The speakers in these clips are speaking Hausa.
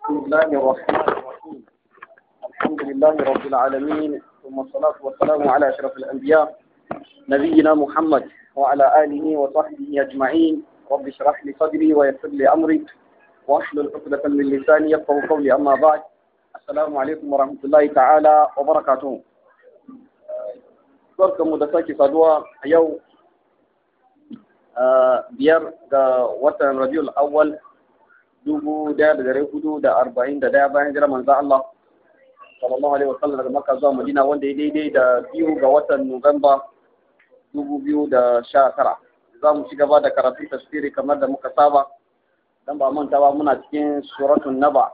بسم الله الرحمن الرحيم الحمد لله رب العالمين ثم الصلاة والسلام على أشرف الأنبياء نبينا محمد وعلى آله وصحبه أجمعين رب اشرح لي صدري ويسر لي أمري واحلل عقدة من لساني يفقه قولي أما بعد السلام عليكم ورحمة الله تعالى وبركاته barkanmu da sake يوم a yau biyar الأول dubu daya da dari hudu da arba'in da daya bayan jira manzo Allah sallallahu alaihi wasallam daga Makka zuwa Madina wanda ya daidai da biyu ga watan Nuwamba dubu biyu da sha tara za mu ci gaba da karatun tafsiri kamar da muka saba dan ba manta ba muna cikin suratun naba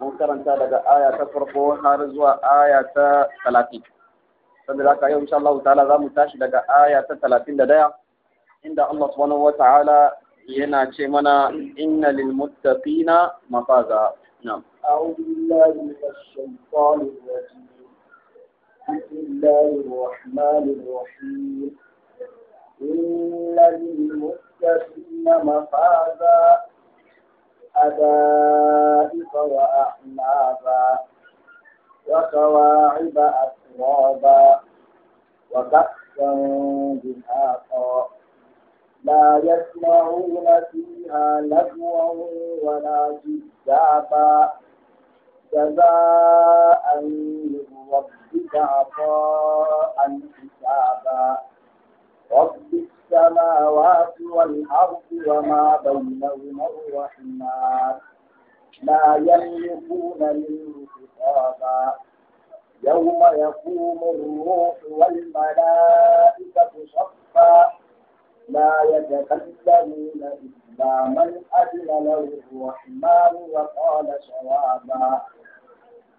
mun karanta daga aya ta farko har zuwa aya ta talatin Sanda saboda haka yau insha Allah ta'ala za mu tashi daga aya ta talatin da daya inda Allah subhanahu wa ta'ala ينا شمنا إن للمتقين مفازا نعم أعوذ بالله من الشيطان الرجيم بسم الله الرحمن الرحيم إن للمتقين مفازا أدائق وأحنابا وكواعب أترابا وكأسا بهاقا لا يسمعون فيها لغوا ولا كذابا جزاء من ربك عطاء حسابا رب السماوات والأرض وما بينهما الرحمن لا يملكون منه خطابا يوم يقوم الروح والملائكة صفا لا يتكلمون إلا من أذن له الرحمن وقال صوابا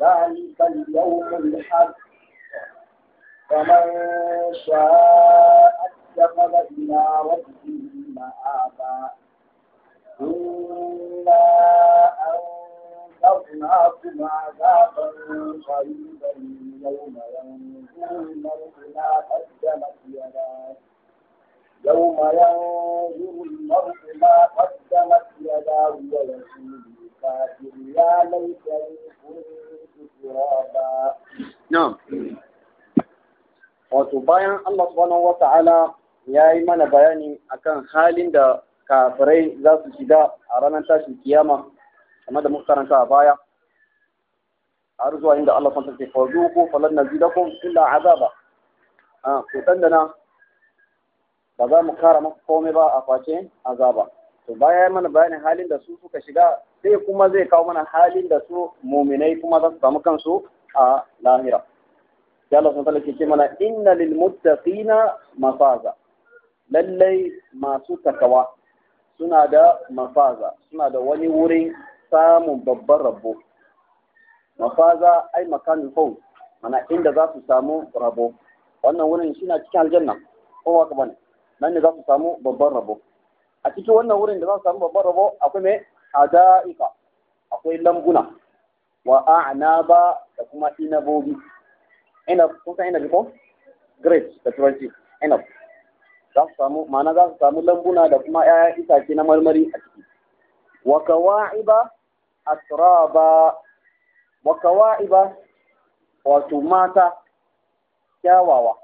ذلك اليوم الحق فمن شاء اتخذ إلى ربه مآبا إنا أنذرناكم عذابا قريبا يوم ينظر المرء ما قدمت يداه يوم ينظر المرء ما قدمت يداه ويقول الكافر يا ليتني كنت ترابا نعم wato bayan Allah subhanahu wa ta'ala ya yi mana bayani akan halin da kafirai za su shiga a ranar tashin kiyama kamar da muka karanta a baya har zuwa inda Allah subhanahu wa ta'ala ke fazu ko falan nazidakum illa azaba a ku dandana ba za mu kara maka komai ba a face azaba to baya mana bayanin halin da su suka shiga sai kuma zai kawo mana halin da su muminai kuma za su samu kansu a lahira ya Allah sun ke ce mana inna lil muttaqina mafaza lallai masu takawa suna da mafaza suna da wani wurin samun babban rabo mafaza ai makamin hau mana inda za su samu rabo wannan wurin shi cikin aljanna ko ka bane nan ne za su samu babban rabo a cikin wannan wurin da za su samu babban rabo akwai mai hada'ika akwai lambuna wa ba da kuma inabobi inab kun san ina ko great da turanci inab za su samu ma'ana za su samu lambuna da kuma isa itace na marmari a ciki wa kawa'iba atraba wa kawa'iba wato mata kyawawa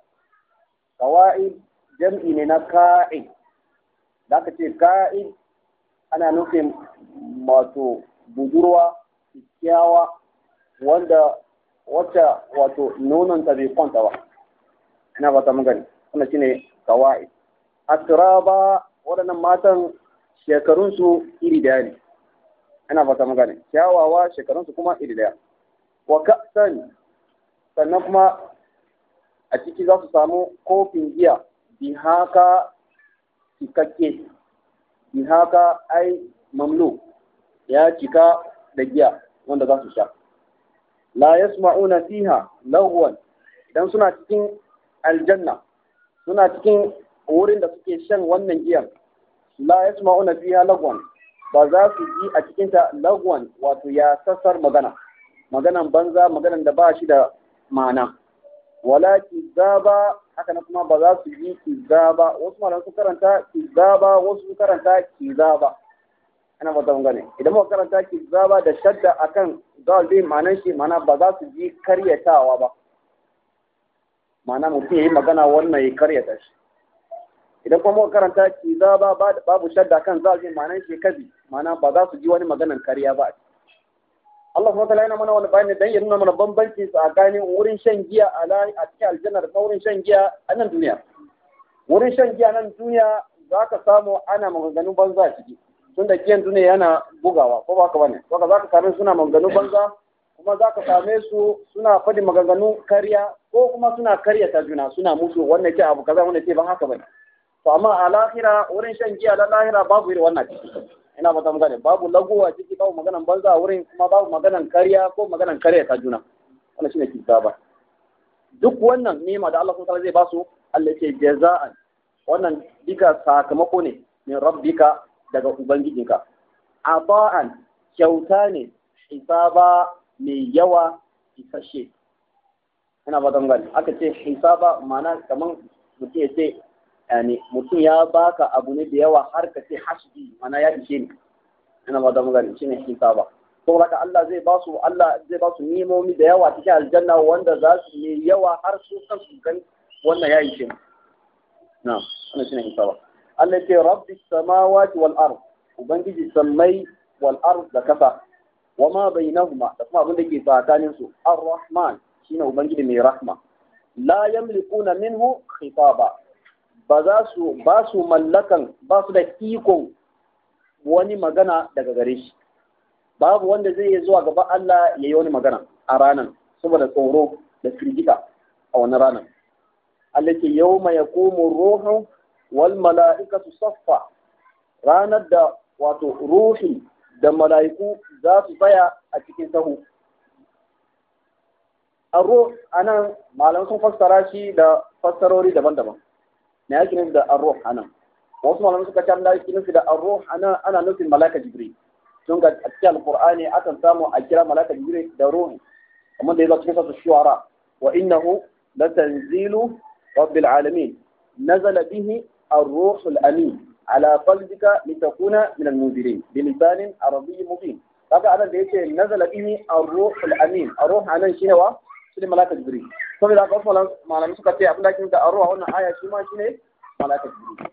kawa'ib jam'i ne na ka'id da aka ce ka'id ana nufin wato budurwa kyakkyawa wanda wacce wato nononta bai kwanta ba ina ba ta magani wannan shine kawai ba waɗannan matan shekarunsu iri daya ne ina ba ta magani kyawawa shekarunsu kuma iri daya wa ka'san sannan kuma a ciki za su samu kofin giya bihaka cikakke bihaka ai Mamlu ya cika da giya wanda za su sha la yasma'una fiha lagwan dan suna cikin aljanna suna cikin wurin da suke shan wannan giyan la yasma'una fiha lagwan ba za su ji a cikinta ta lagwan wato ya sassar magana maganan banza maganan da ba shi da ma'ana wala kizaba haka na kuma ba za su yi kiza ba wasu malamai sun karanta kiza ba wasu sun karanta kiza ba ana fata mun gane idan ba karanta kiza ba da shadda akan zal din ma'anar shi ma'ana ba za su yi karyatawa ba ma'ana mutum ya yi magana wannan ya karyata shi idan kuma muka karanta kiza ba babu shadda kan zal din ma'anar shi kazi ma'ana ba za su ji wani maganan karya ba a ciki Allah subhanahu wataala yana mana wani bayani dan yana nuna mana bambanci gani wurin shan giya a cikin aljanna da wurin shan giya a nan duniya wurin shan giya nan duniya za ka samu ana maganganun banza ciki tun da giyan duniya yana bugawa ko ba ka bane Waka za ka same suna maganganun banza kuma za ka same su suna faɗi maganganun karya ko kuma suna karya ta juna suna musu wannan ce abu kaza wannan ce ban haka bane to amma a lahira wurin shan giya na lahira babu irin wannan ciki ina ba ta babu lagowa ciki babu maganan banza a wurin kuma babu maganan kariya ko maganan kariya ta juna wannan shine kitaba duk wannan nima da Allah ta'ala zai basu Allah yake jaza'an wannan bika sakamako ne min rabbika daga ubangijinka ata'an kyauta ne hisaba mai yawa isashe ina ba ta gane aka ce hisaba ma'ana kaman mutum ya ce yani mutum ya baka abu ne da yawa har ka sai hasbi mana ya ishe ni ina ba da magana shine ba to laka Allah zai ba su Allah zai ba su nimomi da yawa cikin aljanna wanda za su yi yawa har su su gan wannan ya ishe ni na wannan shine ba Allah ya ce rabbi samawati wal ard ubangiji sammai wal ard da kasa bainahuma da kuma abin da ke tsakanin su ar-rahman shine ubangiji mai rahma la yamlikuna minhu khitaba ba za su ba su mallakan ba su da iko wani magana daga gare shi babu wanda zai zuwa gaba Allah ya yi wani magana a ranan saboda tsoro da firgita a wani ranan Allah ke yau mai ya komo ruhu wal mala'ikatu saffa ranar da wato ruhi da mala'iku za su tsaya a cikin sahu a ruh anan malam sun fassara shi da fassarori daban-daban me yake nufi da ar-ruh anan wasu malamai suka ce da yake nufi da ar-ruh anan ana nufin malaka jibril tun ga a cikin alqur'ani akan samu a kira malaka jibril da ruhi kamar da yazo cikin sa shuara wa innahu la tanzilu rabbil alamin nazala bihi ar-ruh al-amin ala qalbika litakuna min al-munzirin bilisanin arabiy mubin kaga anan da yake nazala bihi ar-ruh al-amin ar-ruh anan shine wa shine malaka jibril saboda haka wasu malamai suka ce abin da ake da arwa wannan aya shi ma shine malaka jibril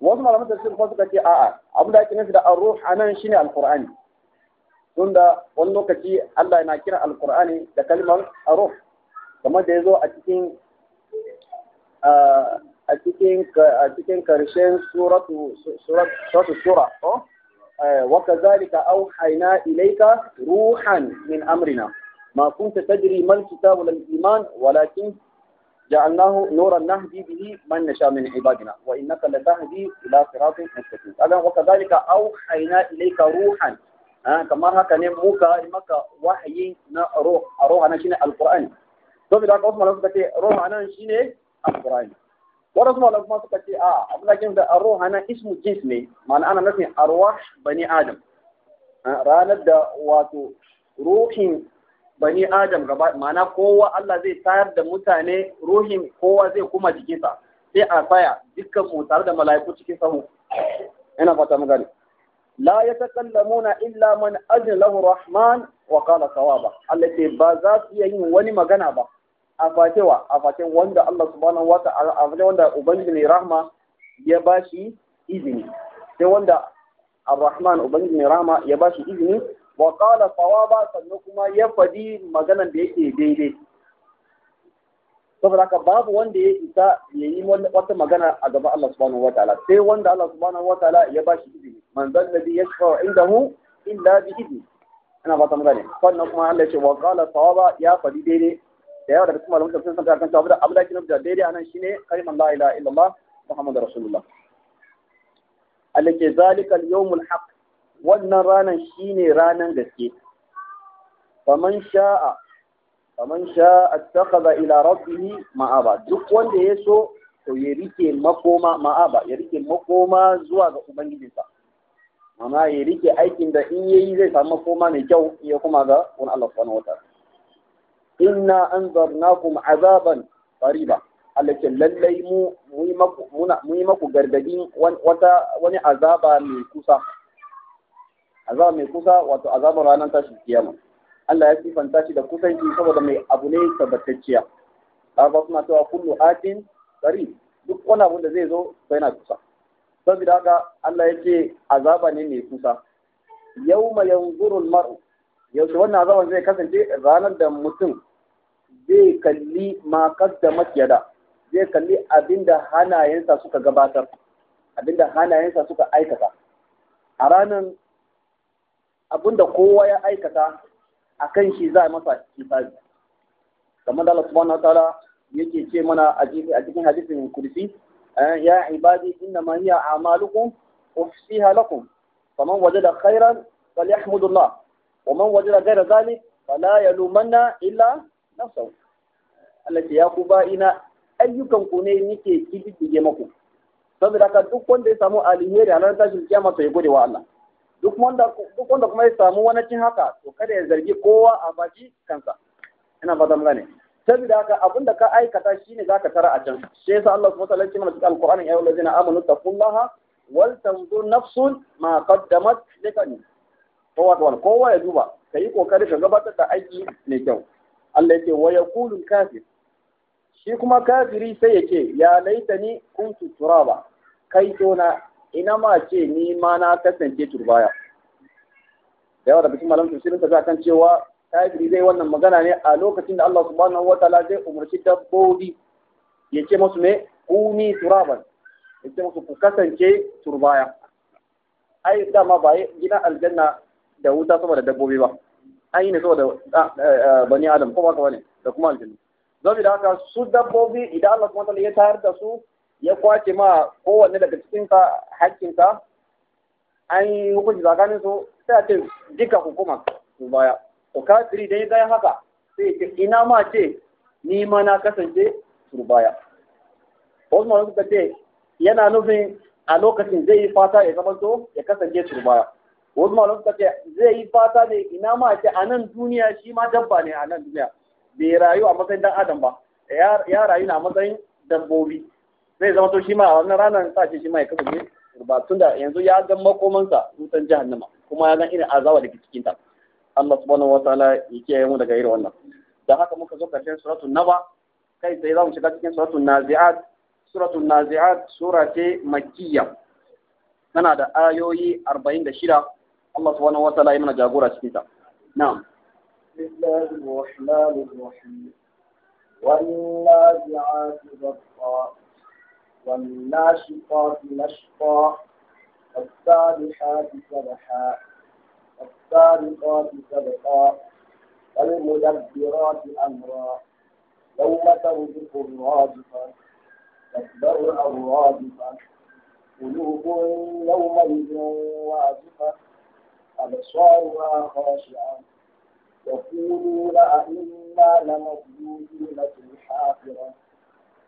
wasu malamai tafsir kuma suka ce a'a abin da ake nufi da arruh anan shine alqur'ani da wani lokaci Allah na kira alqur'ani da kalmar arruh kamar da zo a cikin a cikin a cikin karshen suratu suratu sura ko وكذلك أوحينا إليك روحا من أمرنا ما كنت تدري ما الكتاب ولا الإيمان ولكن جعلناه نورا نهدي به من نشاء من عبادنا وإنك لتهدي إلى صراط مستقيم أذن وكذلك أوحينا إليك روحا آه كما هكا نموكا مكا وحي روح روح أنا شيني القرآن to bi da ka wasu suka ce ruhu anan shine alqur'ani wasu malam kuma suka ce a abin da ke da ruhu anan ismu jins ne ma'ana ana nufin arwah bani adam ranar da wato ruhin bani adam gaba ma'ana kowa Allah zai tayar da mutane ruhin kowa zai kuma jikinsa sai a tsaya dukkan mu tare da mala'iku cikin sahu ina fata mu gani la yatakallamuna illa man ajin lahu rahman wa qala sawaba Allah ce ba za su iya yin wani magana ba a fatewa a fatin wanda Allah subhanahu wa ta'ala a wanda ubangiji ne rahma ya bashi izini sai wanda ar-rahman ubangiji ne rahma ya bashi izini wa qala sawaba sannan kuma ya faɗi maganan da yake daidai saboda haka babu wanda ya isa ya yi wata magana a gaban Allah subhanahu wa ta'ala sai wanda Allah subhanahu wa ta'ala ya ba shi izini manzon nabi ya shafa inda mu illa bi izini ina fata mu gane sannan kuma Allah ya ce wa qala ya faɗi daidai da yawa daga cikin malamin tafsirin sun kan cewa da anan shine kalimar la ilaha illallah muhammadur rasulullah alake zalikal yawmul haqq wannan ranan ne ranan gaske faman sha'a faman sha'a takhadha ila rabbih ma'aba duk wanda ya so to ya rike makoma ma'aba ya rike makoma zuwa ga ubangijinsa amma ya rike aikin da in yayi zai samu makoma mai kyau ya kuma ga wani Allah wata. wa an inna anzarnakum azaban qariba Allah lallai mu mu yi maku gargadin wani azaba mai kusa azaba mai kusa wato azabar ranar tashi kiyama Allah ya sifanta shi da kusanci saboda mai abu ne tabbatacciya ba suna cewa kullu atin qarib duk wani abu da zai zo sai yana kusa saboda haka Allah ya ce azaba ne mai kusa yawma yanzuru maru yaushe wannan azaban zai kasance ranar da mutum zai kalli makar da makiyada zai kalli abinda hanayensa suka gabatar abinda hanayensa suka aikata a ranar abinda kowa ya aikata a kan shi za a masa hisabi kamar da Allah subhanahu wa ta'ala yake ce mana a cikin hadisin kursi eh, ya ibadi inna ma hiya a'malukum ufsiha lakum faman wajada khairan falyahmudullah wa man wajada ghayra zalik fala yalumanna illa sau. Allah ya ku ba ina ayyukan ku ne nike kididdige maku saboda haka duk wanda ya samu alheri a ranar tashin kiyama to ya gode wa Allah duk wanda duk wanda kuma ya samu wani cin haka to kada ya zargi kowa a baki kansa ina fata mun gane saboda haka abin da ka aikata shine zaka tara a can Sai yasa Allah subhanahu wa ta'ala ya ce mana cikin alqur'ani ya ayyuhallazina amanu taqullaha wal tanzur nafsun ma qaddamat likani kowa da kowa ya duba kai kokari ka gabatar da aiki ne kyau Allah ya ce wa yaqulu kafir shi kuma kafiri sai yake ya laitani kuntu turaba kai tona ina ma ce ni ma na kasance turbaya da yawa da cikin malamin tafsirin ta kan cewa yi zai wannan magana ne a lokacin da Allah subhanahu wa ta'ala zai umarci dabbobi ya ce musu ne kuni turaban ya ce musu ku kasance turbaya ai dama ba yi gina aljanna da wuta da dabbobi ba an yi ne saboda ah, eh, bani adam ko ba ka bane da kuma aljanna da haka su dabbobi idan Allah subhanahu wa ta'ala ya tayar da su ya kwace ma kowanne daga cikin ka an yi hukunci tsakanin su sai a ce duka hukuma su baya to kafiri dai ya haka sai ce ina ma ce ni ma na kasance su baya wasu masu suka ce yana nufin a lokacin zai yi fata ya zama so ya kasance su baya wasu masu suka ce zai yi fata ne ina ma ce a nan duniya shi ma dabba ne a nan duniya bai rayu a matsayin dan adam ba ya rayu na matsayin dabbobi zai zama to shi ma a wannan ranar sa shi shi ma ya ne? gurbatun da yanzu ya ga makomansa rutan jahannama kuma ya ga irin azawa da ke cikin ta Allah subhanahu wataala ya kiyaye mu daga irin wannan da haka muka zo karshen suratul naba kai sai za mu shiga cikin suratul nazi'at suratul nazi'at sura ce makkiya tana da ayoyi 46 Allah subhanahu wataala ya mana jagora cikin ta na'am bismillahir rahmanir rahim والنازعات غرقا والناشطات نشطا والسابحات سبحا والسابقات سبقا والمدبرات أمرا يوم ترجف الراجفة تكبر الراجفة قلوب يومئذ واجفة أبصارها خاشعة يقولون أئنا لمردودون في الحافرة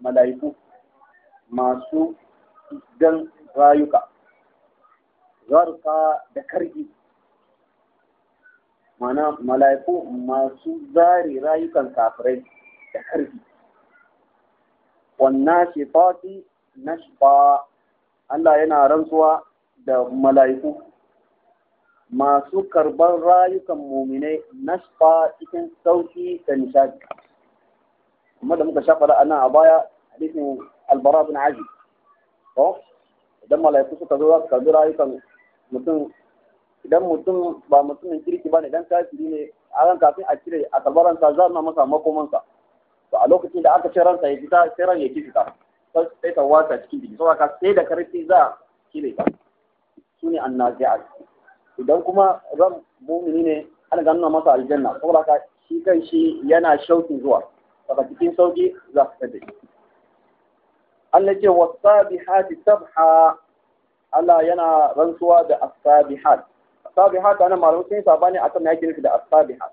mala'iku masu don rayuka zarka da karfi mana mala'iku masu zare rayukan kafirai da karfi wannan shefati na shifa Allah yana rantsuwa da mala'iku masu karban rayukan muminai na shifa cikin sauki da nishadi kuma da muka shafa a nan a baya hadisin albara bin aji to idan malaiku suka zo za su karbi rayukan mutum idan mutum ba mutumin kirki ba ne idan kafiri ne a ran kafin a cire a karbar ransa za a masa makomansa to a lokacin da aka ce ransa ya fita sai ran ya ki fita sai ta wata cikin jiki saboda ka sai da karfi za a cire ta su ne annazi'at idan kuma ran mumini ne an ganna masa aljanna saboda ka shi kan shi yana shaukin zuwa daga cikin sauki za su tafi Allah ce wasabihati sabha Allah yana rantsuwa da asabihat asabihat ana malamu sun sabani akan yake nufi da asabihat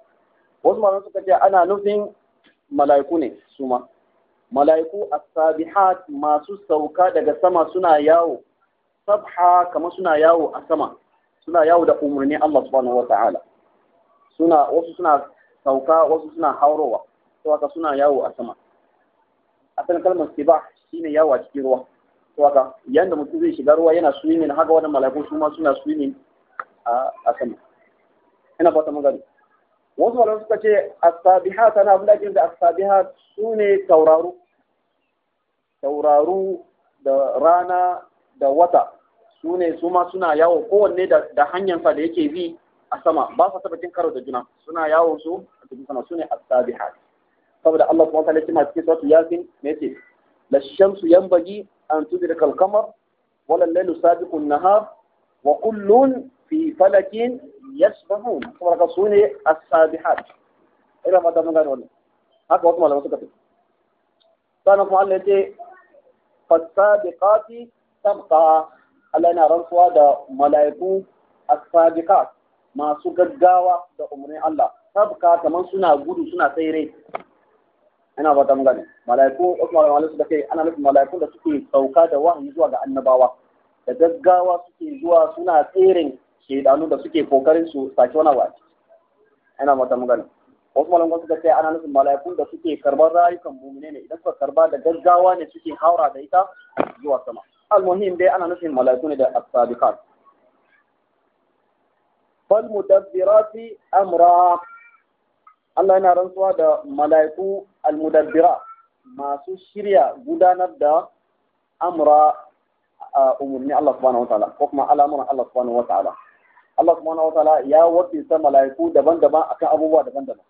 wasu malamu suka ce ana nufin mala'iku ne su ma mala'iku asabihat masu sauka daga sama suna yawo sabha kamar suna yawo a sama suna yawo da umarni Allah subhanahu wa ta'ala suna wasu suna sauka wasu suna haurowa to haka suna yawo a sama asalin kalmar shi ne yawo a cikin ruwa to haka yanda mutum zai shiga ruwa yana swimming haka wannan malakun su ma suna swimming a sama ina fata magani. wasu malamai suka ce asabiha sabihat ana abin da ake da asabiha su sune tauraru tauraru da rana da wata su ne su ma suna yawo kowanne da hanyarsa da yake bi a sama ba su taba jin karo da juna suna yawo su a cikin sama su ne asabiha saboda Allah subhanahu wataala kima cikin suratu yasin me yace la shamsu yanbaghi an tudrika al-qamar wala al-laylu sabiqu an-nahar wa kullun fi falakin yasbahun kuma ka sune as-sabihat ina fata mun gane wannan haka wasu malamai suka fi. sannan kuma Allah yace fasabiqati sabqa Allah yana rantsuwa da mala'iku as-sabiqat masu gaggawa da umarnin Allah sabka kamar suna gudu suna tsere ina ba ta gane malaiku wasu malamai suka ana nufin malaiku da suke sauka da wahayi zuwa ga annabawa da gaggawa suke zuwa suna tsirin shedanu da suke kokarin su sake wani abu ina ba ta gane wasu malamai suka ce ana nufin malaiku da suke karbar rayukan mumine ne idan suka karba da gaggawa ne suke haura da ita zuwa sama almuhim dai ana nufin malaiku ne da as-sabiqat fal mudabbirati amra Allah yana rantsuwa da mala'iku almudabbira masu shirya gudanar da amura a umarni Allah subhanahu wa ta'ala ko kuma al'amuran Allah subhanahu wa ta'ala Allah subhanahu wa ta'ala ya wakilta mala'iku daban-daban akan abubuwa daban-daban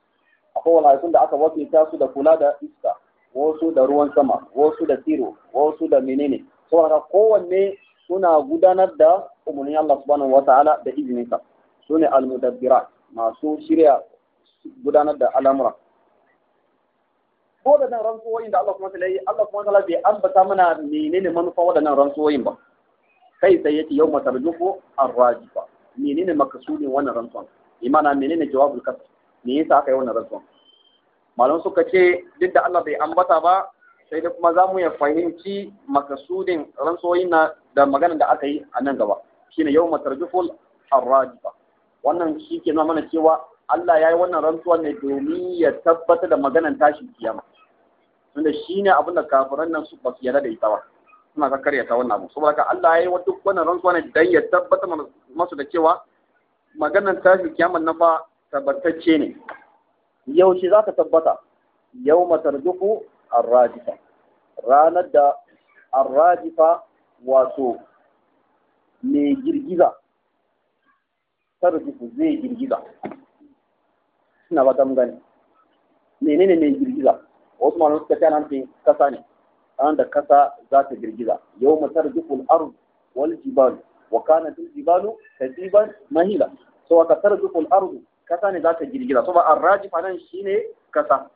akwai mala'ikun da aka wakilta su da kula da iska wasu da ruwan sama wasu da tiro wasu da menene saboda kowanne suna gudanar da umarni Allah subhanahu wa ta'ala da izininsa sune almudabbirat masu shirya gudanar da al'amura Waɗannan rantsuwoyin da Allah kuma ta yi Allah kuma ta bai ambata mana menene manufa waɗannan rantsuwoyin ba kai sai yace yau matarjufu arrajifa menene makasudin wannan rantsuwan imana menene jawabul kas me yasa aka yi wannan rantsuwan malam suka ce duk da Allah bai ambata ba sai da kuma zamu ya fahimci makasudin rantsuwoyin na da magana da aka yi a nan gaba shine yau matarjufu arrajifa wannan shi ke nuna mana cewa Allah ya yi wannan rantsuwan ne domin ya tabbata da maganan tashin kiyama tunda ne abin da kafiran nan su ba su yarda da ita ba suna ka karyata wannan abu saboda ka Allah ya yi wa duk wannan rantsuwa ne dan ya tabbatar masu da cewa maganar tashin kiyamar nan fa tabbatacce ne yau shi za ka tabbata yau matarduku arrajifa ranar da arrajifa wato mai girgiza tarjifu zai girgiza suna ba gani menene mai girgiza wasu malamai suka ce nan fi kasa ne an da kasa za ta girgiza yau masar jikul ardu wal jibalu wa kana til jibalu kasiban mahila so wa kasar jikul ardu kasa ne za ta girgiza so ba arrajif nan shine kasa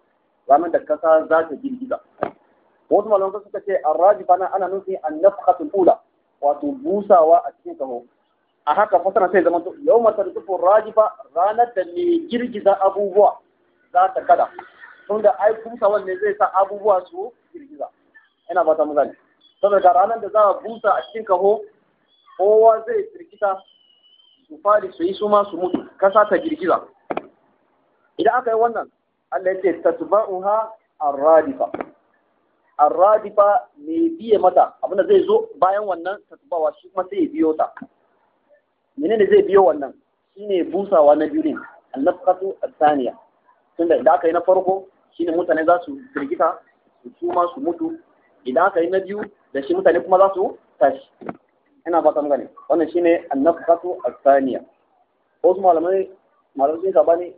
ranar da kasa za ta girgiza wasu malamai suka ce raji nan ana nufin annafkhatul ula wato busawa a cikin kaho a haka fasara sai zama yau matar raji rajifa ranar da mai girgiza abubuwa za ta kada tunda ai busawan ne zai sa abubuwa su girgiza ina ba ta gani saboda ranar da za a busa a cikin kaho kowa zai firgita su fadi su yi su ma su mutu kasa ta girgiza idan aka yi wannan Allah ya ce tatba'uha ar-radifa ar-radifa ne biye mata abinda zai zo bayan wannan tatbawa shi kuma sai ya biyo ta menene zai biyo wannan shine busawa na biyu ne annafqatu as-saniya tunda da aka yi na farko shine mutane za su firgita su suma su mutu idan aka yi na biyu da shi mutane kuma za su tashi ina ba ta gane wannan shine annafatu asaniya wasu malamai malamai sun saba ne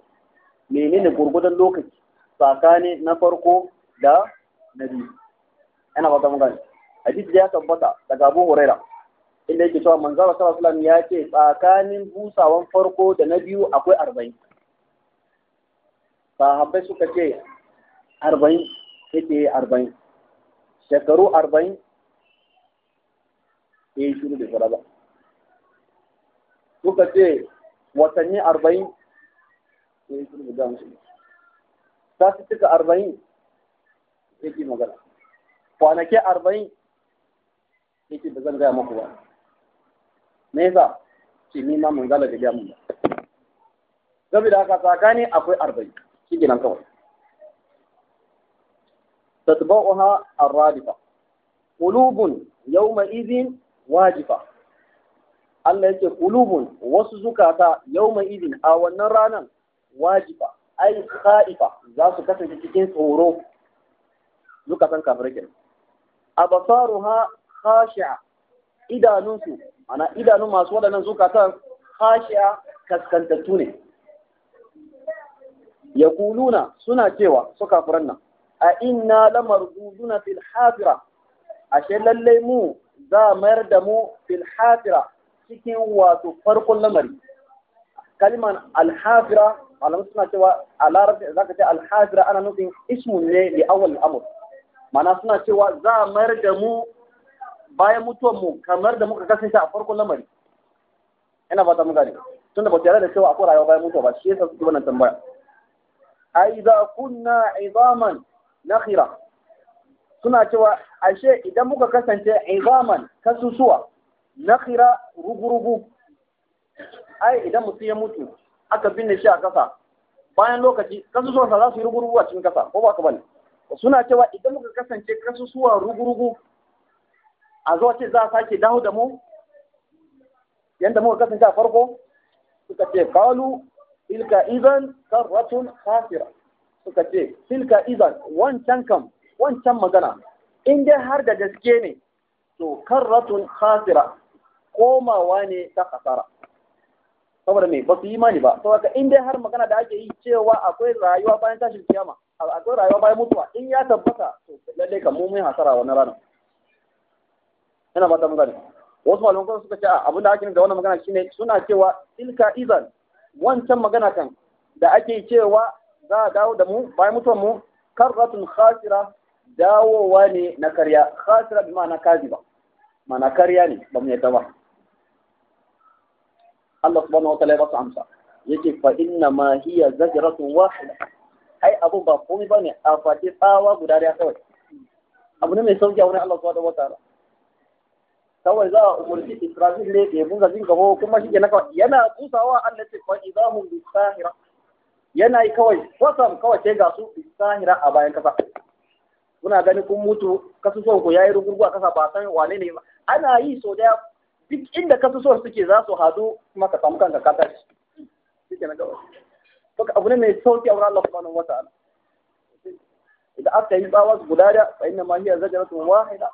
menene gurgudan lokaci tsakani na farko da na biyu ina ba ta gane hadisi ya tabbata daga Abu Huraira inda yake cewa manzo Allah sallallahu alaihi ya ce tsakanin busawan farko da na biyu akwai arba'in sahabbai suka ce arba'in yake yi arba'in shekaru arba'in ya yi shuru da shara ba suka ce watanni arba'in ya yi shuru da gama shi su cika arba'in ke magana kwanaki arba'in yake da zan gaya maku ba me yasa ce ni ma mun gala da gaya mun ba saboda haka tsakani akwai arba'in shi ginan kawai تتبعها الرادفة قلوب يومئذ واجفة Allah yake kulubun wasu zukata yawma idin a wannan ranan wajiba ai khaifa za su kasance cikin tsoro zukatan kafirai kenan abasaruha khashi'a idanunsu ana idanun masu waɗannan zukatan khashi'a kaskantattu ne yaquluna suna cewa su nan a inna lamarduduna fil hafira ashe lallai mu za mayar da mu fil cikin wato farkon lamari kalman alhafira malamu suna cewa a larabci za ka ce alhafira ana nufin ismu ne da awal amur mana suna cewa za mayar da mu bayan mutuwan mu kamar da muka kasance a farkon lamari ina fata mun gane tunda ba tare da cewa akwai rayuwa bayan mutuwa ba shi yasa suke wannan tambaya ai za kunna idaman nakhira suna cewa ashe idan muka kasance izaman kasusuwa nakhira rugurugu ai idan mutum ya mutu aka binne shi a kasa bayan lokaci kasusuwansa za su yi rugurugu a cikin kasa ko ba ka bane suna cewa idan muka kasance kasusuwa rugurugu a zo ce za a sake dawo da mu yadda muka kasance a farko suka ce kalu tilka idan karratun khasira suka ce tilka izan wancan kam wancan magana in dai har da gaske ne to karratun khasira komawa ne ta kasara saboda me ba su yi mani ba saboda in dai har magana da ake yi cewa akwai rayuwa bayan tashin kiyama akwai rayuwa bayan mutuwa in ya tabbata to lalle kan mu mun hasara wannan ranar ina ba ta magana wasu malaman suka ce abin da ake da wannan magana shine suna cewa tilka izan wancan magana kan da ake cewa za a dawo da mu bayan mutuwan mu karratun khasira dawowa ne na karya khasira bi ma'ana ba. ma'ana karya ne ba mu yadda ba Allah subhanahu wa ta'ala ya basu amsa yake fa inna ma hiya zajratun wahida ai abu ba komai ne a fati tsawa guda daya kawai abu ne mai sauki a wurin Allah subhanahu wa ta'ala kawai za a umarci Israfil ne ya bunga jin gabo kuma shi ke na kawai yana kusawa Allah ce fa idahum bisahira yana yi kawai kwatsam kawai sai ga su sahira a bayan kasa kuna gani kun mutu kasusuwan ku yayi rugurgu a kasa ba san wane ne ana yi so da duk inda kasusuwan suke za su hadu kuma ka samu kanka ka tashi shike na gaba to abu ne mai sauki a wurin Allah subhanahu wata'ala idan aka yi tsawa guda da fa inna ma hiya zajratu wahida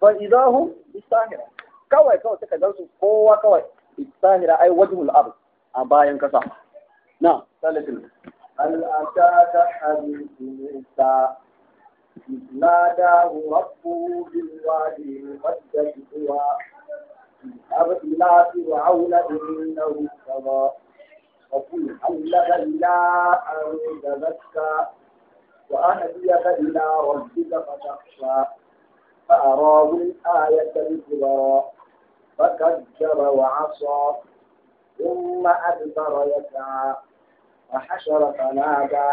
fa idahu bisahira kawai kawai suka gansu kowa kawai bisahira ai wajhul ard a bayan kasa نعم ثالثا هل أتاك حديث موسى إذ ناداه ربه بالوادي المقدس طوى اذهب إلى فرعون إنه طغى وقل هل لك إلى أن تزكى وأهديك إلى ربك فتخشى فأراه الآية الكبرى فكذب وعصى ثم أدبر يسعى فحشر فنادى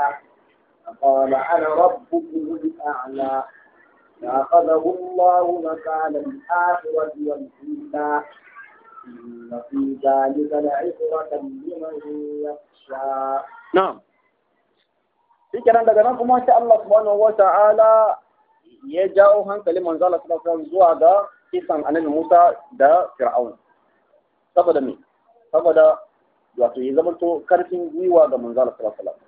فقال أنا ربكم الأعلى فأخذه الله مكان الآخرة والأولى إن في ذلك لعبرة لمن يخشى نعم shikenan daga nan kuma sai Allah subhanahu wa ta'ala ya jawo hankalin manzo Allah sallallahu zuwa ga kisan annabi Musa da Fir'aun saboda me saboda wato ya zama to karfin gwiwa ga manzo Allah sallallahu alaihi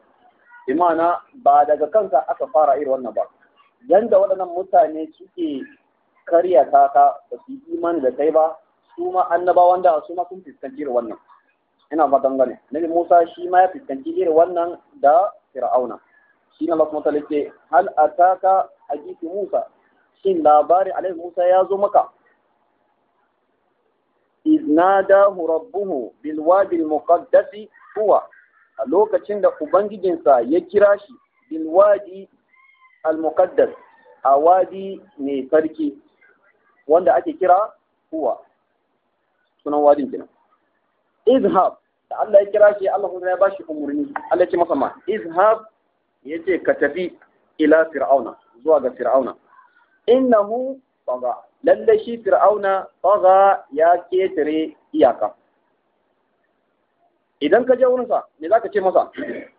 imana ba daga kanka aka fara irin wannan ba yanda waɗannan mutane suke karya ta ka ba su imani da kai ba su ma annabawan da su ma sun fuskanci irin wannan ina fatan gane nabi Musa shi ma ya fuskanci irin wannan da Fir'auna shi na Allah kuma hal ataka hadisi Musa shin labari alaihi Musa ya zo maka إذ ناداه ربه بالوادي المقدس هو a lokacin da Ubangijinsa ya kira shi bilwadi al-muqaddas a wadi mai sarki wanda ake kira huwa sunan wadin kenan izhab da Allah ya kira shi Allah kuma ya bashi umurni Allah ya ce masa ma izhab yace ka tafi ila fir'auna zuwa ga fir'auna innahu Lallai lalle shi fir'auna faga ya ketare iyaka idan ka je wurinsa me za ka ce masa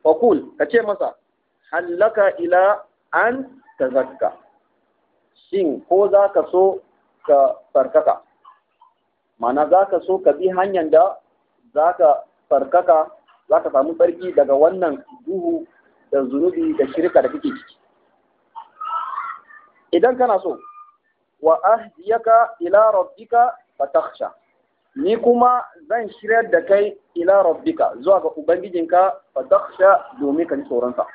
fakul ka ce masa hallaka ila an tazakka shin ko za ka so ka farkaka mana za ka so ka bi hanyar da za ka farkaka za ka samu tsarki daga wannan duhu da zunubi da shirka da kake ciki idan kana so wa ahdiyaka ila rabbika fatakhsha ni kuma zan shiryar da kai ila rabbika zuwa ga ubangijinka fatakhsha domin ka ji sa,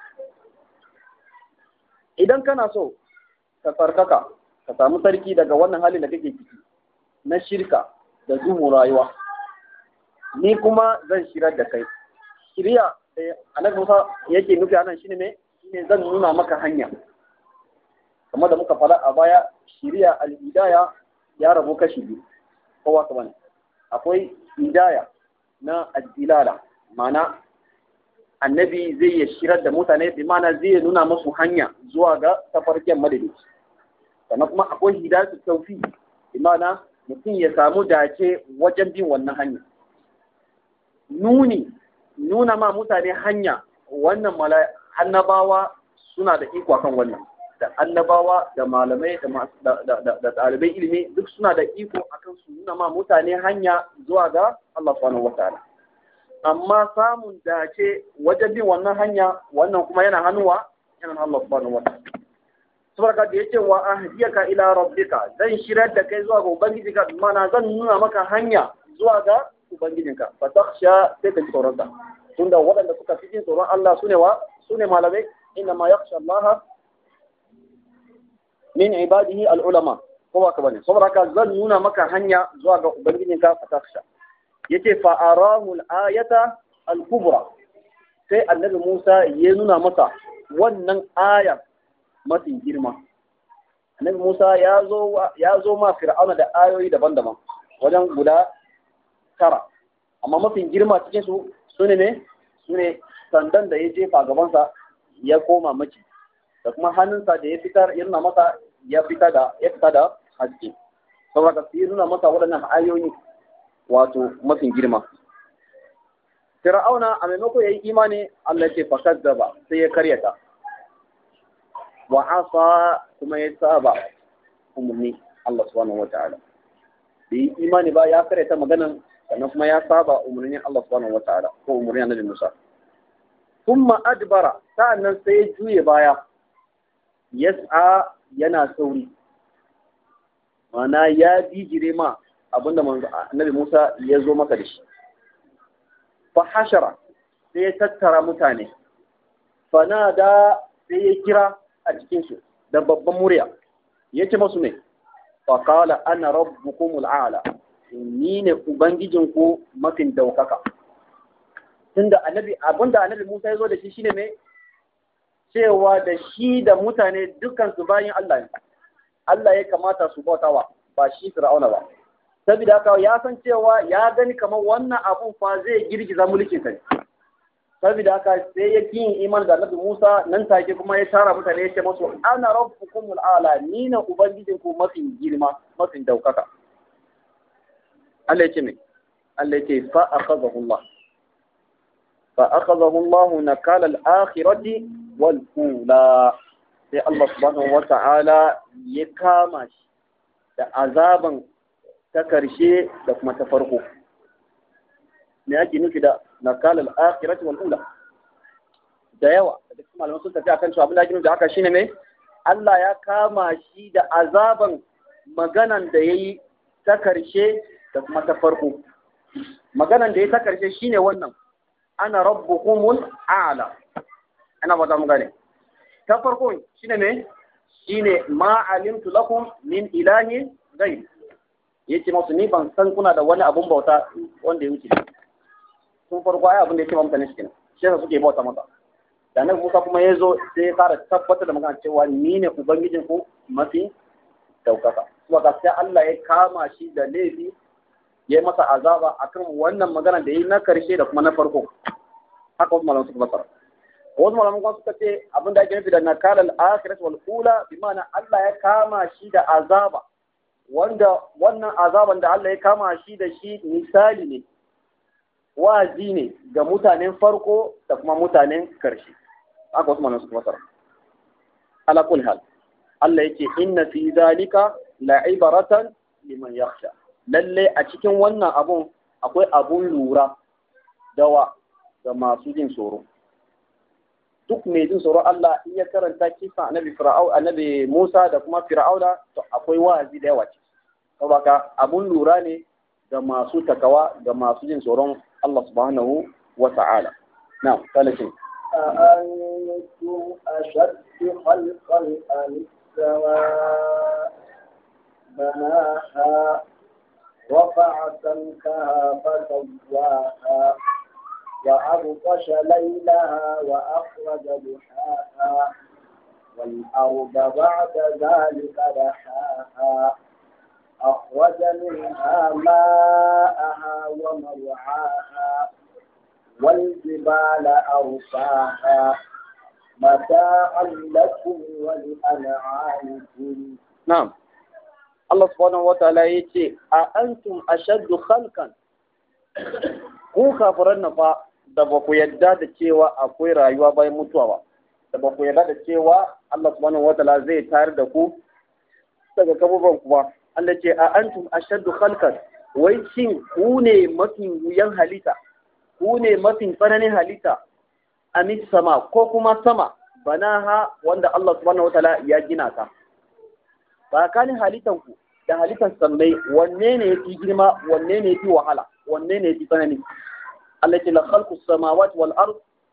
idan kana so ka farkaka ka samu sarki daga wannan halin da kake ciki na shirka da duhu rayuwa ni kuma zan shirar da kai shirya eh, annabi Musa yake nufi anan shine me shine zan nuna maka hanya kamar da muka fara a baya shiriya al ya rabu kashi biyu kowa kamar akwai hidaya na addilala mana annabi zai ya shirar da mutane bi mana zai nuna musu hanya zuwa ga tafarkin madalici sannan kuma akwai hidayatu tawfi bi mana mutum ya samu dace wajen bin wannan hanya nuni nuna ma mutane hanya wannan annabawa suna da iko kan wannan da annabawa da malamai da ɗalibai ilimi duk suna da iko akan su nuna ma mutane hanya zuwa ga Allah subhanahu wa ta'ala amma samun dace wajen bin wannan hanya wannan kuma yana hannuwa yana Allah subhanahu wa ta'ala saboda da yake wa ahdiyaka ila rabbika zan shirar da kai zuwa ga ubangijinka mana zan nuna maka hanya zuwa ga ubangijinka fa takhsha sai ka tsoron da tunda waɗanda suka fi jin tsoron Allah sune wa sune malamai inna ma yakhsha Allah min ibadihi al'ulama ko ba ka bane saboda haka zan nuna maka hanya zuwa ga ubangijinka fataksha yace fa arahu al-ayata al-kubra sai annabi Musa ya nuna masa wannan aya mafi girma annabi Musa ya zo ya zo ma fir'auna da ayoyi daban-daban wajen guda tara amma mafi girma cikin su sune ne sune sandan da ya jefa gabansa ya koma maci da kuma hannunsa da ya fitar ya masa ya fita da ya fita da haske saboda su nuna masa waɗannan ayoyi wato mafin girma fir'auna a maimako ya yi imani Allah ce zaba sai ya karyata wa asa kuma ya saba umarni Allah subhanahu wataala yi imani ba ya karyata maganan sannan kuma ya saba umarni Allah subhanahu wataala ko umurnin Annabi Musa kuma adbara sa'annan sai ya juye baya yas'a yana sauri mana ya bijire ma abinda annabi Musa ya zo maka da shi fa hashara sai ya tattara mutane fa da sai ya kira a cikin su da babban murya yace masu ne fa qala ana rabbukumul a'la ni ne ku mafin daukaka tunda annabi abinda annabi Musa ya zo da shi shine me cewa da shi da mutane dukkan su bayin Allah ne Allah ya kamata su bautawa ba shi Fir'auna ba saboda haka ya san cewa ya gani kamar wannan abun fa zai girgiza mulkin sa saboda haka sai ya yin iman da Nabi Musa nan take kuma ya tara mutane ya ce musu ana rabbukum al'ala ni na ubangijin ku mafi girma mafi daukaka Allah ya ce me Allah ya ce fa akhadahu Allah fa akhadahu Allah nakala al-akhirati wal ula sai Allah subhanahu wa ta'ala ya kama shi da azaban ta karshe da kuma ta farko me yake nufi da nakal al-akhirati wal ula da yawa da kuma malaman sun tafi akan cewa abin da nufi da haka shine ne Allah ya kama shi da azaban maganan da yayi ta karshe da kuma ta farko maganan da yayi ta karshe shine wannan ana rabbukumul a'la ina ba mu gane ta farko shine me shine ma alimtu lakum min ilahi ghayr yace musu ni ban san kuna da wani abun bauta wanda ya wuce sun farko ai abin da yake mutane shi ne shi ne suke bauta masa da nan kusa kuma ya zo sai ya fara tabbatar da magana cewa ni ne ubangijin ku mafi daukaka kuma ga sai Allah ya kama shi da laifi ya yi masa azaba akan wannan magana da ya yi na karshe da kuma na farko haka wasu malamai suka fasara wasu malaman kuma suka ce abin da ake nufi da nakal al-akhirat wal ula bi ma'ana Allah ya kama shi da azaba wanda wannan azaban da Allah ya kama shi da shi misali ne wazi ne ga mutanen farko da kuma mutanen karshe aka wasu malaman suka fasara ala kul hal Allah yake inna fi zalika la'ibaratan liman yakhsha lalle a cikin wannan abun akwai abun lura dawa ga masu jin tsoro duk mai jin tsoron Allah in ya karanta kisan annabi fir'au annabi Musa da kuma fir'auna to akwai wa'azi da yawa ce saboda abun lura ne ga masu takawa ga masu jin tsoron Allah subhanahu wa ta'ala na'am talatin أأنتم أشد خلقا أم السماء بناها رفع سمكها فسواها وأغطش ليلها وأخرج ضحاها والأرض بعد ذلك دحاها أخرج منها ماءها ومرعاها والجبال أرساها متاعا لكم ولأنعامكم نعم Allah subhanahu wa ta'ala ya ce a antum ashaddu khalqan ku kafiran na fa da ba ku yarda da cewa akwai rayuwa bayan mutuwa ba da ba ku yarda da cewa Allah subhanahu wataala zai tare da ku daga kabuban ku ba Allah ce a antum ashaddu khalqan wai shin ku ne mafi wuyan halitta ku ne mafi tsananin halitta a sama ko kuma sama banaha wanda Allah subhanahu wataala ya gina ta tsakanin halittan ku da halittan sammai wanne ne yafi girma wanne ne yafi wahala wanne ne yafi tsanani Allah ce la khalqu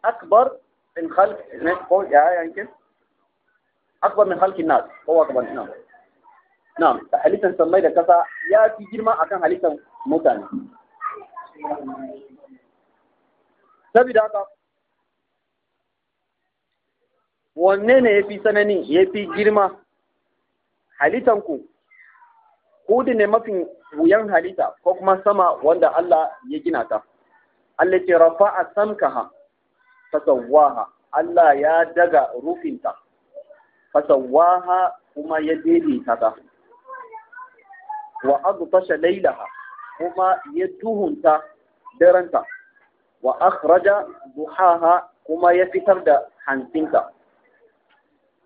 akbar min khalq ne ko ya yankin na na halittan sammai da kasa ya fi girma akan halittan mutane wanne ne ya fi tsanani ya fi girma halittanku ku ne mafin wuyan halitta ko kuma sama wanda Allah ya gina ta Allah ce sankaha samkaha fasawaha Allah ya daga rufinta fasawaha kuma ya daidaita ta wa aghtasha kuma ya duhunta daranta wa akhraja duhaha kuma ya fitar da hansinta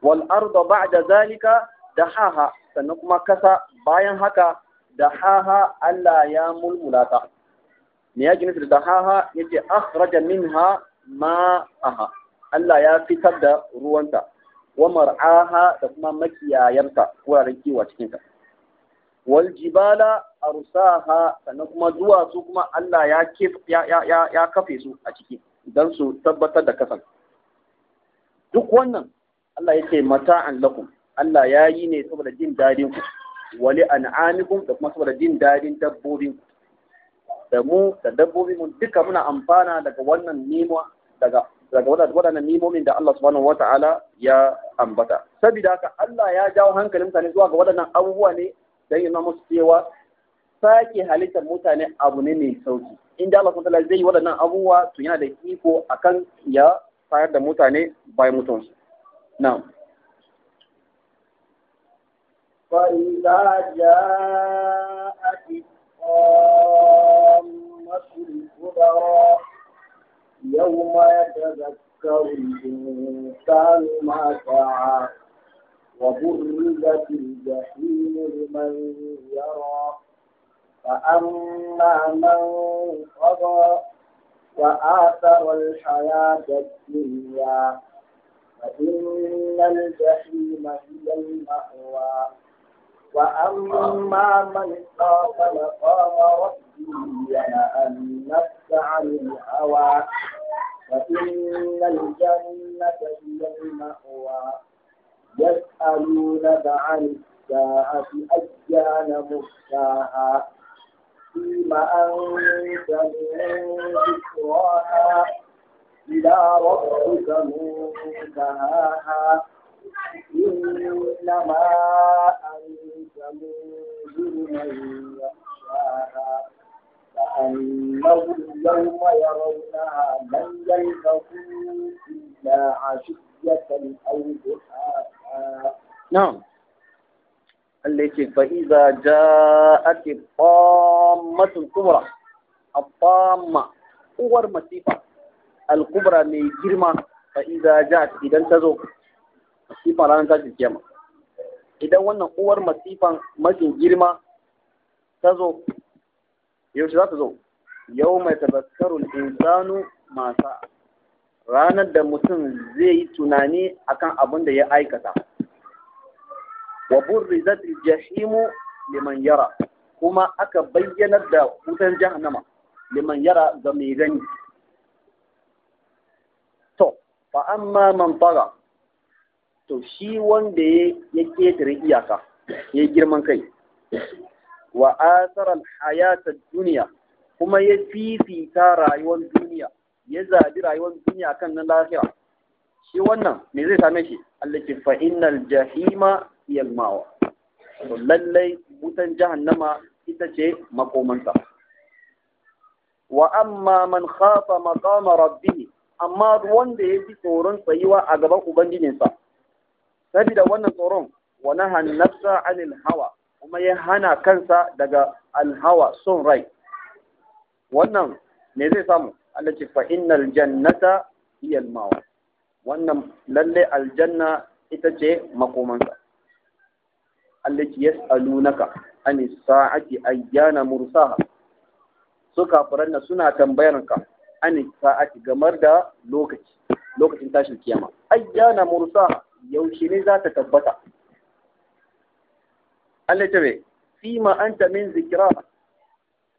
wal arda ba'da zalika dahaha sannan kuma kasa bayan haka dahaha Allah ya mulmulata me ya nufi da haha ya yace ahraja minha aha, Allah ya fitar da ruwanta wa mar'aha da kuma makiyayarta wuraren kiwa cikinta wal jibala arsaha sannan kuma zuwa su kuma Allah ya ya kafe su a ciki dan su tabbatar da kasan duk wannan Allah ya yace mata'an lakum Allah ya yi ne saboda jin dadin ku wali an'amikum da kuma saboda jin dadin dabbobin da mu da dabbobi mu duka muna amfana daga wannan nima daga daga waɗannan nimomin da Allah subhanahu wa ta'ala ya ambata. Sabida haka Allah ya jawo hankalin mutane zuwa ga waɗannan abubuwa ne don yana musu cewa sake halittar mutane abu ne mai sauki. Inda Allah subhanahu zai yi waɗannan abubuwa to yana da iko akan ya tsayar da mutane bayan mutunsu. Na'am. فإذا جاءت الطاقة الكبرى يوم يتذكر الإنسان ما سعى وبرزت الجحيم لمن يرى فأما من قضى وآثر الحياة الدنيا فإن الجحيم هي المأوى وأما من خاف مقام ربه زين أن نفس الهوى فإن الجنة هي المأوى يسألونك عن الساعة أجان مرساها فيم أنت من ذكراها إلى ربك منتهاها إنما أنت منذر من يخشاها كأنهم يوم يرونها لم يلبثوا إلا عشية أو نعم التي فإذا جاءت الطامة الكبرى الطامة uwar masifa alkubra mai girma fa idza idan ta zo masifa ranar ke kiyama idan wannan uwar masifan masin girma ta yaushe za su zo yau mai tabbatar insanu masa ranar da mutum zai yi tunani akan abin da ya aikata wa burrizat jahimu liman yara kuma aka bayyanar da wutan jahannama liman yara ga mai gani to fa amma man fara to shi wanda ya ketare iyaka ya girman kai wa asarar hayatar duniya kuma ya fifita rayuwar duniya ya zabi rayuwar duniya kan na lahira shi wannan me zai same shi Allah ke fa jahima yalmawa to lallai wutan jahannama ita ce makomansa wa amma man khafa maqama rabbih amma wanda ya ji tsoron tsayuwa a gaban ubangijinsa sabida wannan tsoron wa nahan nafsa anil hawa kuma ya hana kansa daga alhawa son rai wannan me zai samu Allah ce fa innal jannata hiya wannan lalle aljanna ita ce makomansa Allah ce yas'alunaka ani sa'ati ayyana mursaha su kafiran suna tambayarka ani sa'ati gamar da lokaci lokacin tashin kiyama ayyana mursaha yaushe ne za ta tabbata Allah ce fi ma anta min zikra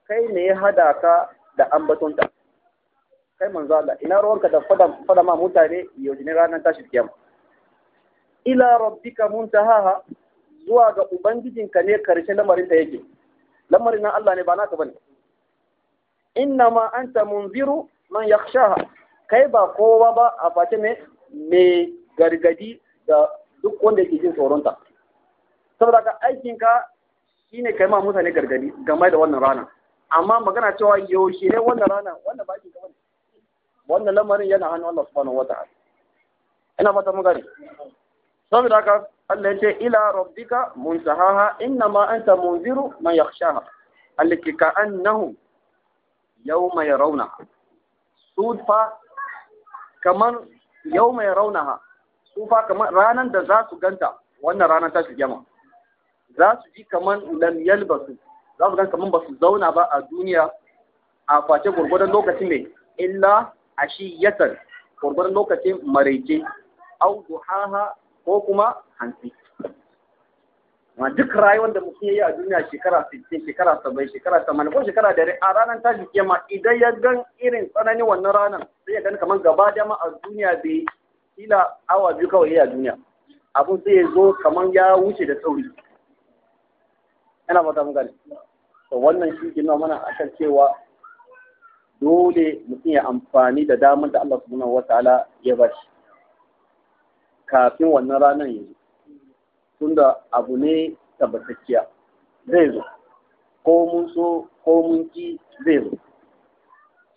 kai ne ya hada ka da ambatonta kai manzo Allah ina ruwanka da fada fada ma mutane yau ne ranar tashi kiyam ila rabbika muntahaha zuwa ga ubangijinka ne karshen lamarin ta yake lamarin nan Allah ne ba naka bane inna ma anta munziru man yakhshaha kai ba kowa ba a face ne mai gargadi da duk wanda yake jin tsoronta saboda ka aikinka shine kai ma mutane gargadi game da wannan rana amma magana cewa yaushe ne wannan rana wannan ba aikinka wani wannan lamarin yana hannun Allah subhanahu wata'ala ina fata mu gari saboda ka Allah ya ce ila rabbika munsahaha inna ma anta munziru man yakhshaha alliki ka annahum yawma yarawna sufa kaman yawma yarawnaha sufa kamar ranan da za su ganta wannan ranar ta su jama'a za su ji kaman lam yalbasu za su gan kaman ba su zauna ba a duniya a face gurgurdan lokacin ne illa ashiyatan gurgurdan lokacin maraice au duhaha ko kuma hantsi ma duk rayuwar da mutum ya yi a duniya shekara 60 shekara 70 shekara 80 ko shekara 100 a ranar jike ma idan ya gan irin tsanani wannan ranar sai ya gani kaman gaba ma a duniya bai kila awa biyu kawai ya duniya abun sai ya zo kaman ya wuce da tsauri yana fata mun gani to wannan shi ke nuna mana akan cewa dole mutum ya amfani da damar da Allah subhanahu wataala ya shi. kafin wannan ranar yanzu tunda abu ne tabbatacciya zai zo ko mun so ko mun ki zai zo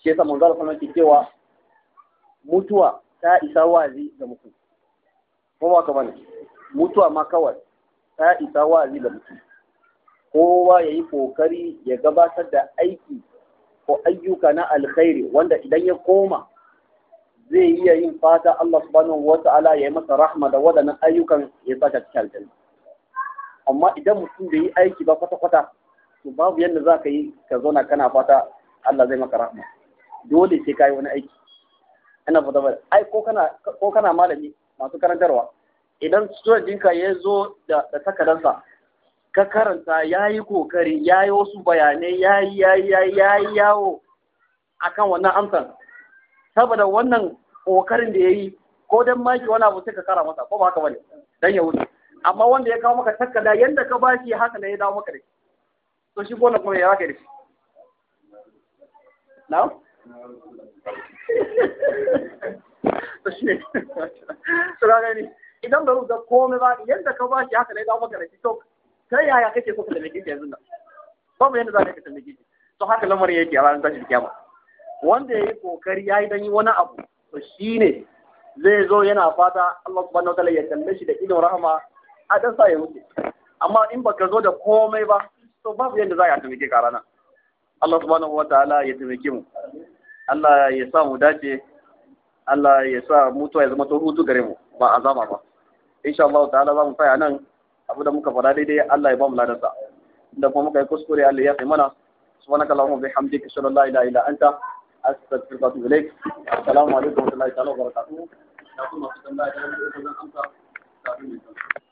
shi yasa mun Allah ke cewa mutuwa ta isa wazi ga mutum ko ba ka bane mutuwa ma kawai ta isa wazi ga mutum kowa ya yi ƙoƙari ya gabatar da aiki ko ayyuka na alkhairi wanda idan ya koma zai iya yin fata Allah subhanahu wa ta'ala ya yi masa rahma da waɗannan ayyukan ya saka cikin aljanna amma idan mutum bai yi aiki ba kwata-kwata to babu yadda za ka yi ka zauna kana fata Allah zai maka rahma dole sai ka yi wani aiki ina fata ba ai ko kana ko kana malami masu karantarwa idan student ɗinka ya zo da takardarsa ka karanta ya yi kokari ya yi wasu bayanai ya yi ya yi ya yi yawo a kan wannan amsan saboda wannan kokarin da ya yi ko don maki wani abu sai ka kara masa ko ba haka bane dan ya wuce amma wanda ya kawo maka takkada, yadda ka ba shi haka ne ya dawo maka da shi to shi gona kuma ya raka da shi na to shi ne to idan ba rubuta komai ba yadda ka ba shi haka ne ya dawo maka da shi to ta yaya kake so ka taimake shi yanzu nan ba mu yanda za ka taimake shi to haka lamarin yake a ranar tashi kiyama wanda yayi kokari yayi dan yi wani abu to shine zai zo yana fata Allah subhanahu wataala ya kalle shi da idon rahama a dan sa ya mutu. amma in baka zo da komai ba to babu yanda za ka taimake ka ranar Allah subhanahu wataala ya taimake mu Allah ya sa mu dace Allah ya sa mutuwa ya zama to hutu gare mu ba azama ba insha Allah ta'ala za mu tsaya nan abu da muka faɗa daidai Allah ya ba mu ladarsa da kuma muka yi kuskure Allah ya kai mana subhanaka allahumma bihamdika ashhadu an la ilaha illa anta astaghfiruka wa atubu ilaik assalamu alaikum wa rahmatullahi wa barakatuh da kuma sallallahu alaihi wa sallam amsa